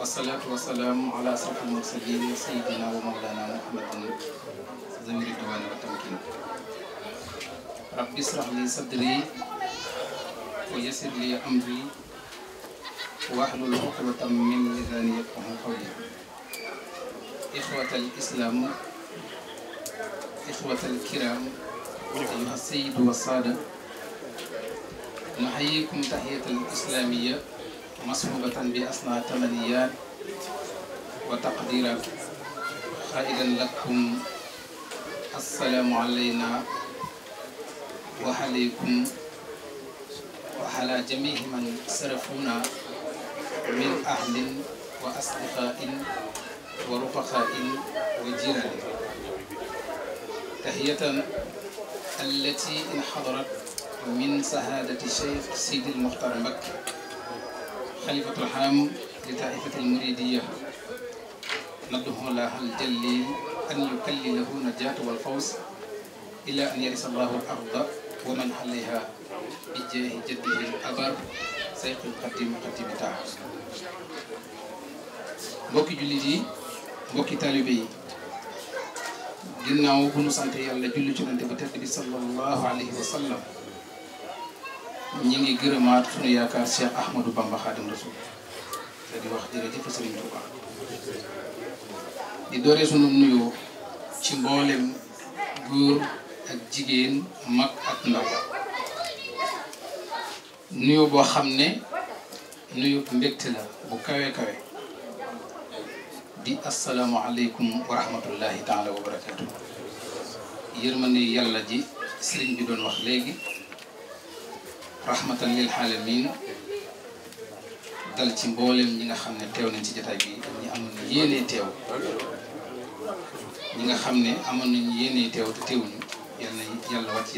wasalaatu wasalaamu ala asrafil mursalin sayidina wa mawlana muhammadin zawi ridwan wa tamkin rabbi israh li sadri wa yassir li amri wahlul uqdatan min lisani yafqahu qawli ixwatal islaam ixwatal kiram ayuha sayid wa saada nuxayikum taxiyatal islaamiya masxubatan bi asna tamaniyat wa taqdira xaidan lakum assalaamu alayna wa alaykum wa ala jamihi man sarafuna min ahlin wa asdiqain wa rufaqain wa jiranin tahiyatan allati in xadarat min sahadati cheikh sidi almuxtar Mbacké xalifatul xam li taifatil muridiya nadduhu laahal jalli an yukallilahu najaat wal faws ila an yarisa allahu al arda man xaliha bi jaahi jaddihi al abar sayqil xadim xadimi taax mbokki jullit yi mbokki taalibe yi ginnaaw bu nu sant yàlla julli ci nante bu tedd bi sallallahu alayhi wa ñi ngi gërëmaat suñu yaakaar Cheikh Ahmadou Bamba Khadim Rasoul di wax jërëjëf dooree sunu nuyoo ci mboolem góor ak jigéen mag ak ndaw nuyoo boo xam ne nuyoo mbégte la bu kawe kawe di asalaamualeykum aleykum rahmatullahi taala wa barakaatu yërmande yàlla ji Serigne bi doon wax léegi. rahmatan lil alamin dal ci mboolem ñi nga xam ne teew nañ ci jotaay bi ak ñi amoon nañ yéenee teew ñi nga xam ne amoon nañ yéenee teew te teewuñu yal na yàlla wàcc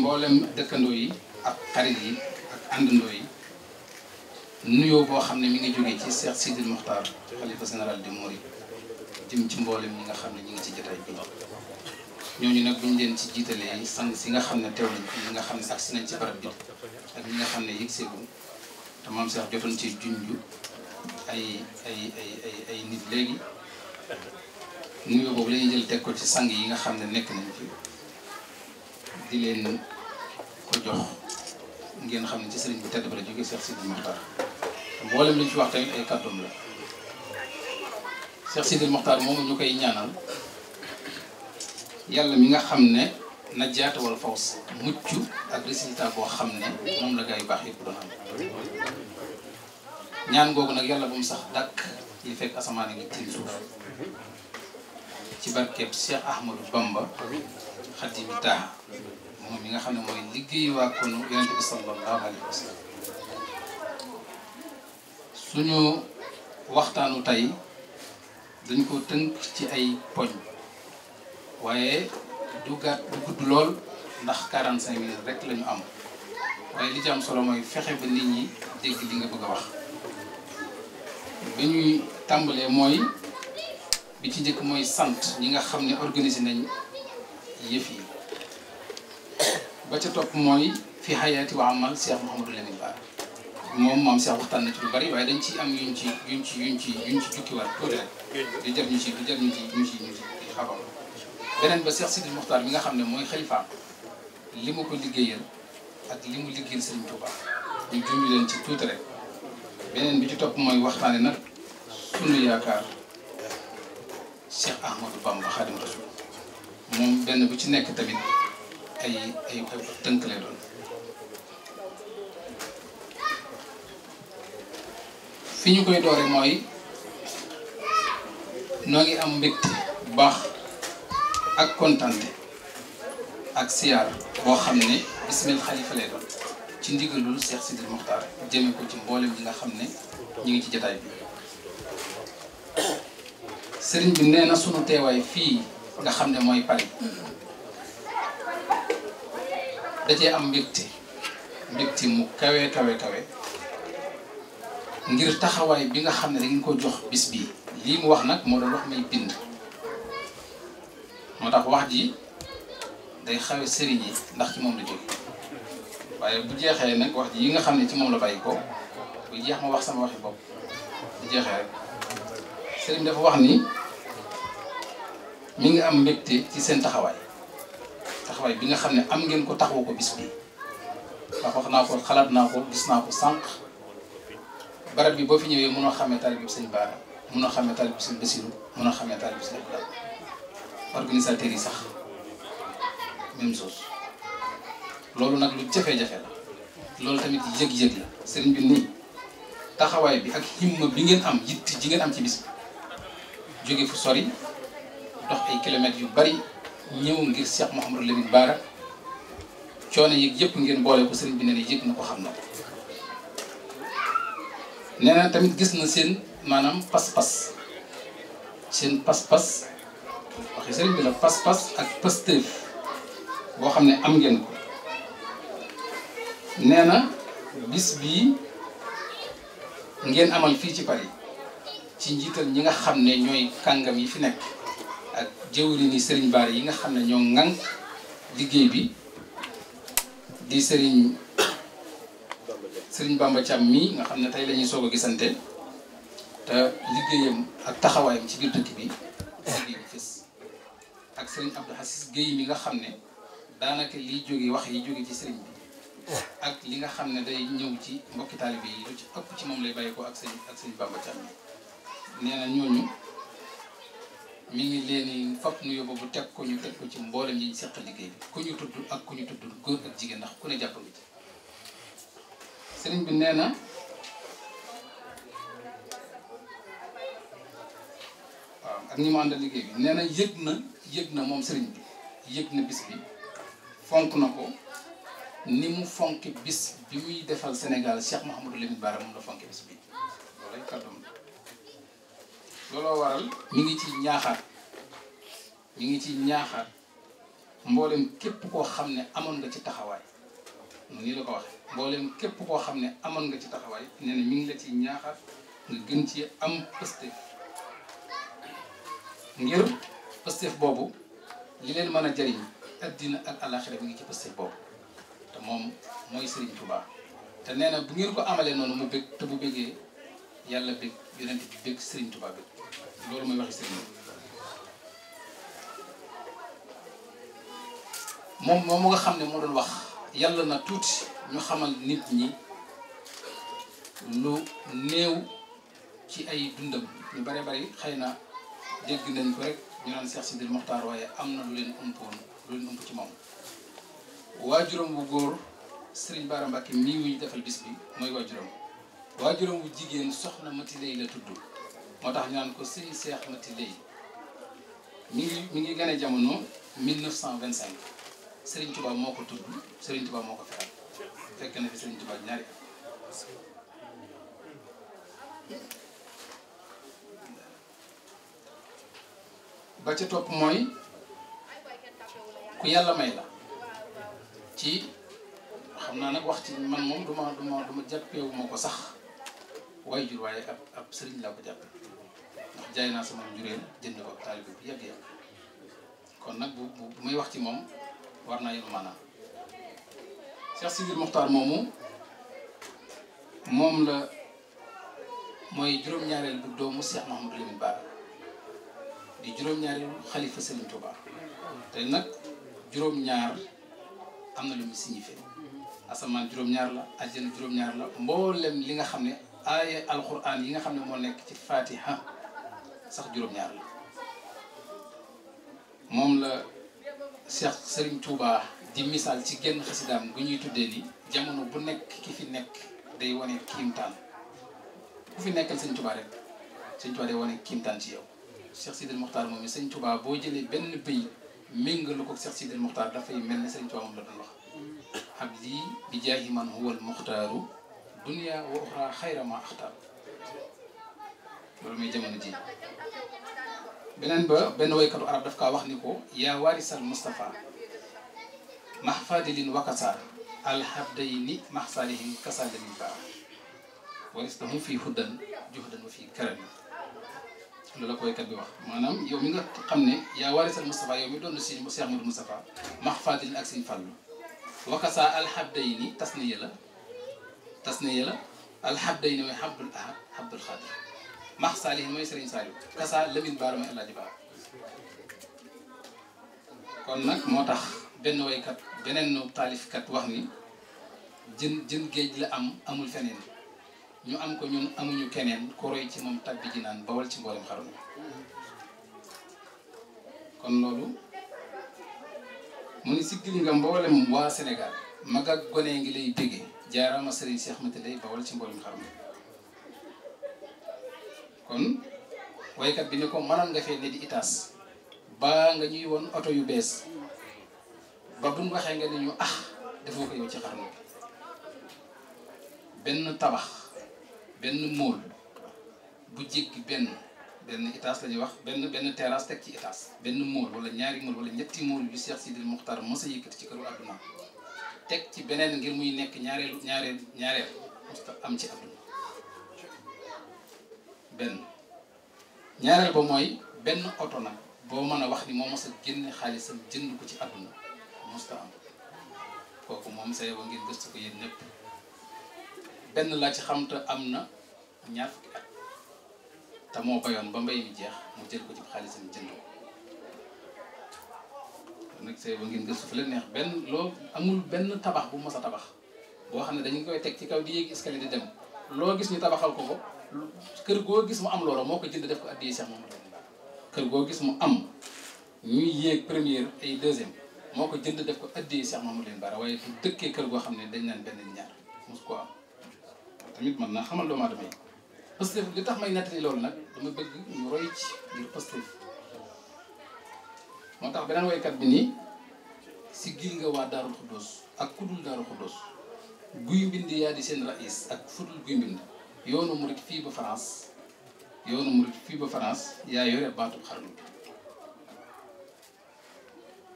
mboolem dëkkandoo yi ak xarit yi ak àndandoo yi nuyoo boo xam ne mi ngi jógee ci Cheikh Sidil Mokhtar xalifa général di Mouride jëm ci mboolem ñi nga xam ne ñi ngi ci jotaay bi ñooñu nag bu leen ci jiitalee sang si nga xam ne teew nañ fi nga xam ne agsi nañ ci barab bi ak ñi nga xam ne yëg seegu te maam sax jotoon ci junju ay ay ay ay ay nit léegi nuyoo boobu la leen jël teg ko ci sang yi nga xam ne nekk nañ fi di leen ko jox ngeen xam ne ci sëriñ bu tedd ba la jógee Cheikh Sidi Mokhtar mboolem li wax tamit ay kàddoom la Cheikh Sidi moom ñu koy ñaanal. yàlla mi nga xam ne najjaata wal faws mucc ak résultat boo xam ne moom la ngay baax yëpp doon am ñaan googu nag yàlla bu mu sax dàkk li fekk asamaan a ngi tiim suuf ci moom mi nga xam ne mooy liggéey waa konu yonente bi sallallahu alayhi waxtaanu tey dañ ko tënk ci ay poñ waaye du gàtt du gudd lool ndax 45 minutes rek lañu am waaye li ci am solo mooy fexe ba nit ñi dégg li nga bëgg a wax bi ñuy tàmbalee mooy bi ci njëkk mooy sant ñi nga xam ne organisé nañ yëf yi ba ca topp mooy fi xayaati wa amal Cheikh Mouhamadou Lamine Bara moom maam Cheikh waxtaan na ci lu bari waaye dañ ci am yuñ ci yuñ ci yuñ ci yuñ ci jukkiwaat tuuti rek di jar ñu ci di jar ñu ci ñu ci ñu ci xabam beneen ba Cheikh Sidi Mokhtar mi nga xam ne mooy xalifaam li mu ko liggéeyal ak li mu liggéeyal Serigne Touba ñu junj leen ci tuuti beneen bi ci topp mooy waxtaane nag sunu yaakaar Cheikh Ahmadou Bamba Khadim moom benn bu ci nekk tamit ay ay tënk lay doon fi ñu koy doore mooy noo ngi am mbégte bu baax ak kontante ak siyaar boo xam ne bismil xalifa lay doon ci ndigalul Cheikh Sidil Mokhtar jëme ko ci mboole bi nga xam ne ñu ngi ci jataay bi sëriñ bi nee na sunu teewaay fii nga xam ne mooy Paris da am mbégte mbégte mu kawe kawe kawe ngir taxawaay bi nga xam ne da ko jox bis bii lii mu wax nag moo doon wax may bind moo tax wax ji day xawe sëriñ yi ndax ci moom la jóge waaye bu jeexee nag wax ji yi nga xam ne ci moom la bàyyi ko bu jeex ma wax sama waxi bopp bu jeexee rek sëriñ dafa wax ni mi ngi am mbégte ci seen taxawaay taxawaay bi nga xam ne am ngeen ko taxawu ko bis bi ndax wax naa ko xalaat naa ko gis naa ko sànq barab yi boo fi ñëwee mënoo xamee tari bi sëñ Baara mënoo xamee tari bi sëñ Basiru mënoo xamee tari bi sëñ Abdou organisateurs yi sax même chose loolu nag lu jafe-jafe la loolu tamit yëg-yëg la sëriñ bi nii taxawaay bi ak himma bi ngeen am yitt ji ngeen am ci bis bi jóge fu sori dox ay kilomètres yu bari ñëw ngir Cheikh Mouhamadou Lamine Bara coono yi yëpp ngeen boole ko bi nee na yëg na xam na ko tamit gis na seen maanaam pas-pas seen pas-pas waxi sëriñ bi la pas-pas ak pastéef boo xam ne am ngeen ko nee na bis bii ngeen amal fii ci Paris ci njiital ñi nga xam ne ñooy kàngam yi fi nekk ak jëwriñi sëriñ Bara yi nga xam ne ñoo ŋànk liggéey bi di sëriñ sëriñ Bamba Thiam mii nga xam ne tey la ñuy soog a gisante te liggéeyam ak taxawaayam ci biir dëkk bi ak sëriñ Abdou Aziz géey mi nga xam ne daanaka liy jóge wax yi jóge ci sëriñ bi ak li nga xam ne day ñëw ci mbokki taalibe yi lu ci ëpp ci moom lay bàyyi ko ak sëñ ak sëñ Bamba Thiam na ñooñu mi ngi leen fab nu yóbbu bu teg ko ñu teg ko ci mboolem yi ñu seq liggéey bi ku ñu tudd ak ku ñu tuddul góor ak jigéen ndax ku ne jàpp nga ci sëriñ bi nee ak ñi mu àndal liggéey bi nee na yëg na yëg na moom sëriñ bi yëg na bis bi fonk na ko ni mu fonk bis bi muy defal Sénégal Cheikh Mouhamadou Lamine Bara moom fonk bis bi waral mi ngi ci ñaaxaar mi ngi ci ñaaxaar mboolem képp koo xam ne amoon nga ci taxawaay nii la ko waxee mboolem képp koo xam ne amoon nga ci taxawaay nee na ngi la ci ñaaxaar nga gën ci am pëste ngir Pastef boobu li leen mën a jëriñ addina ak àllaaxira bi ngi ci Pastef boobu te moom mooy Serigne Touba te nee na bu ngeen ko amale noonu mu bég te mu bégee yàlla bég yonent bi bég Serigne Touba bég loolu mooy waxi Serigne moom moom mu nga xam ne moo doon wax yàlla na tuuti ñu xamal nit ñi lu néew ci ay dundam ñu bare bari xëy na. dégg nañ ko rek ñu naan Cheikh Sidil Mokhtar waaye am na lu leen umpoon lu leen ump ci moom waajuram bu góor sëriñ Bara Mbacke mii wu defal bis bi mooy waajuram waajuram bu jigéen soxna Mati Lay la tudd moo tax ñu naan ko seex Cheikh Mati Lay mu ngi mu ngi gane jamono 1925 Serigne Touba moo ko tudd Serigne Touba moo ko feral fekk na fi Serigne Touba ñaari ba ca topp mooy ku yàlla may la ci xam naa nag wax ci man moom duma duma duma jàppeewu ko sax waaye jur waaye ab ab sëriñ laa ko jàppe ndax jaay naa sama njureel jënd ko ak taalibe bu yàgg yàgg kon nag bu bu muy wax ci moom war naa yenu maanaam Cheikh Sidil Mokhtar moomu moom la mooy juróom-ñaareel bu doomu Cheikh Mahamadou Lamine Bara di juróom-ñaari xalifa Serigne Touba te nag juróom-ñaar am na lu mu signifié asamaan juróom-ñaar la àjjana juróom-ñaar la mboolem li nga xam ne aaya alxuraan yi nga xam ne moo nekk ci fatiha sax juróom-ñaar la moom la Cheikh Serigne Touba di misaal ci genn xasidaam gu ñuy tuddee ni jamono bu nekk ki fi nekk day wane kiimtaan ku fi nekkal Serigne Touba rek Serigne Touba day wane kiimtaan ci yow. Cheikh Sidil Mokhtar moom sëñ Touba boo jëlee benn pays méngalu ko Cheikh Sidil Mokhtar dafay mel ni sëñ Touba moom la doon wax abdi bi jaahi man huwal muxtaaru dunya wa uxra xayra ma axtaar loolu mooy jamono ji beneen ba benn waykatu arab daf kaa wax ni ko yaa waarisal Moustapha mahfadilin wakasaar alhabdayni mahsalihim kasalin baa waristahum fii huddan juhdan wa fii karami la la koy kat maanaam yow mi xam ne yaa waarisal Moustapha yow mi doon si Cheikh Modou Moustapha max fadil ak sin fàllu wakasa alhabdayni tas na yëla na yëla alhabdayni mooy Abdul Ahad Abdul Xaadir max mooy Serigne Saliou kasa Baara mooy Alaaji Baara kon nag moo tax benn waykat beneen taalifkat wax ni jën jën géej la am amul feneen ñu am ko ñun amuñu keneen ku roy ci moom tàbbi naan bawal ci mboolem xarum kon loolu mu ni siggil nga mboolem waa Sénégal mag ak gone ngi lay béggee jaaraama sëriñ Cheikh Mati lay bawal ci mboolem xarum kon waykat bi ni ko mënoon nga fee ne di itaas baa nga ñuy woon oto yu bees ba buñ waxee nga ni ñu ah defoo ko ci xarnu bi benn tabax benn móol bu jéggi benn benn étage la wax benn benn terrasse teg ci étage benn móol wala ñaari móol wala ñetti móol yu Cheikh Sidil Mokhtar mos a yëkkati ci këru adduna teg ci beneen ngir muy nekk ñaareelu ñaareel ñaareel am benn ñaareel ba mooy benn oto nag boo mën a wax ni moo mos a génne xaalisam jënd ko ci adduna mosta am kooku moom say wa ngeen gëstu ko yéen ñëpp benn laa ci xam am na ñaar fukki at te moo ba mbay mi jeex mu jël ko ci xaalisam jënd ko nag say ba ngeen gëstu fa leen neex benn loo amul benn tabax bu mos a tabax boo xam ne dañu koy teg ci kaw di yéeg escalier di dem loo gis ñu tabaxal ko ko kër goo gis mu am loola moo ko jënd def ko addiya Cheikh Mamadou kër goo gis mu am ñuy yéeg première ay deuxième moo ko jënd def ko addiya Cheikh Mamadou Bara waaye du dëkkee kër goo xam ne dañ naan benn ñaar mos am tamit mën naa xamal doomu aadama yi Pastef li tax may nettali loolu nag dama bëgg ñu roy ci ngir Pastef moo tax beneen woykat bi nii si gil nga waa Daarul Xuddoos ak kudul Daarul Xuddoos guy mbind yaa di seen rais ak fudul guy mbind yoonu murit fii ba France yoonu murit fii ba France yaa yore baatu xarnu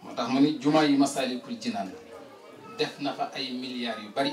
moo tax ma ni jumaa yi Masaalikul Jinaan def na fa ay milliards yu bari